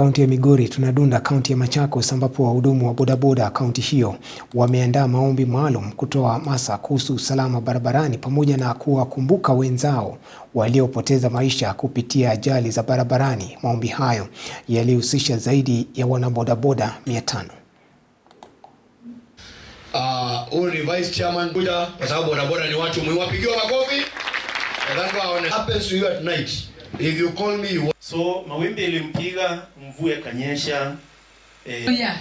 kaunti ya Migori, tunadunda kaunti ya Machakos, ambapo wahudumu wa bodaboda kaunti hiyo wameandaa maombi maalum kutoa hamasa kuhusu usalama barabarani pamoja na kuwakumbuka wenzao waliopoteza maisha kupitia ajali za barabarani. Maombi hayo yalihusisha zaidi ya wanabodaboda 500. Uh, ah, vice chairman kuja kwa sababu bodaboda ni watu muhimu, wapigiwa makofi. Happens to you at night. If you call me you So mawimbi ilimpiga, mvua ikanyesha. Eh.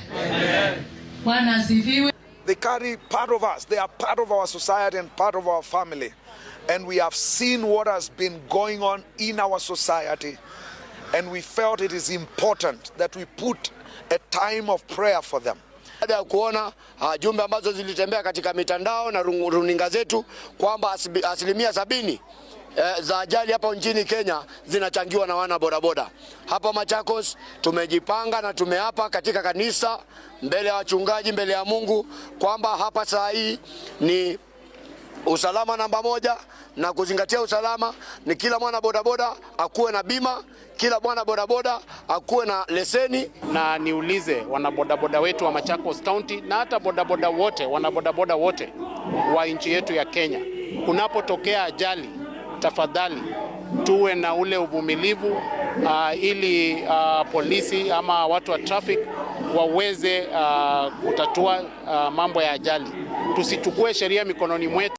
Bwana asifiwe. They carry part of us. They are part of our society and part of our family. And we have seen what has been going on in our society. And we felt it is important that we put a time of prayer for them. Baada ya kuona uh, jumbe ambazo zilitembea katika mitandao na runinga zetu kwamba asilimia sabini Eh, za ajali hapa nchini Kenya zinachangiwa na wana bodaboda. Hapa Machakos tumejipanga na tumeapa katika kanisa, mbele ya wachungaji, mbele ya Mungu kwamba hapa saa hii ni usalama namba moja na kuzingatia usalama ni kila mwana bodaboda akuwe na bima, kila mwana bodaboda akuwe na leseni. Na niulize wanabodaboda wetu wa Machakos County na hata bodaboda wote, wanabodaboda wote wa nchi yetu ya Kenya, kunapotokea ajali tafadhali tuwe na ule uvumilivu uh, ili uh, polisi ama watu wa traffic waweze uh, kutatua uh, mambo ya ajali. Tusichukue sheria mikononi mwetu.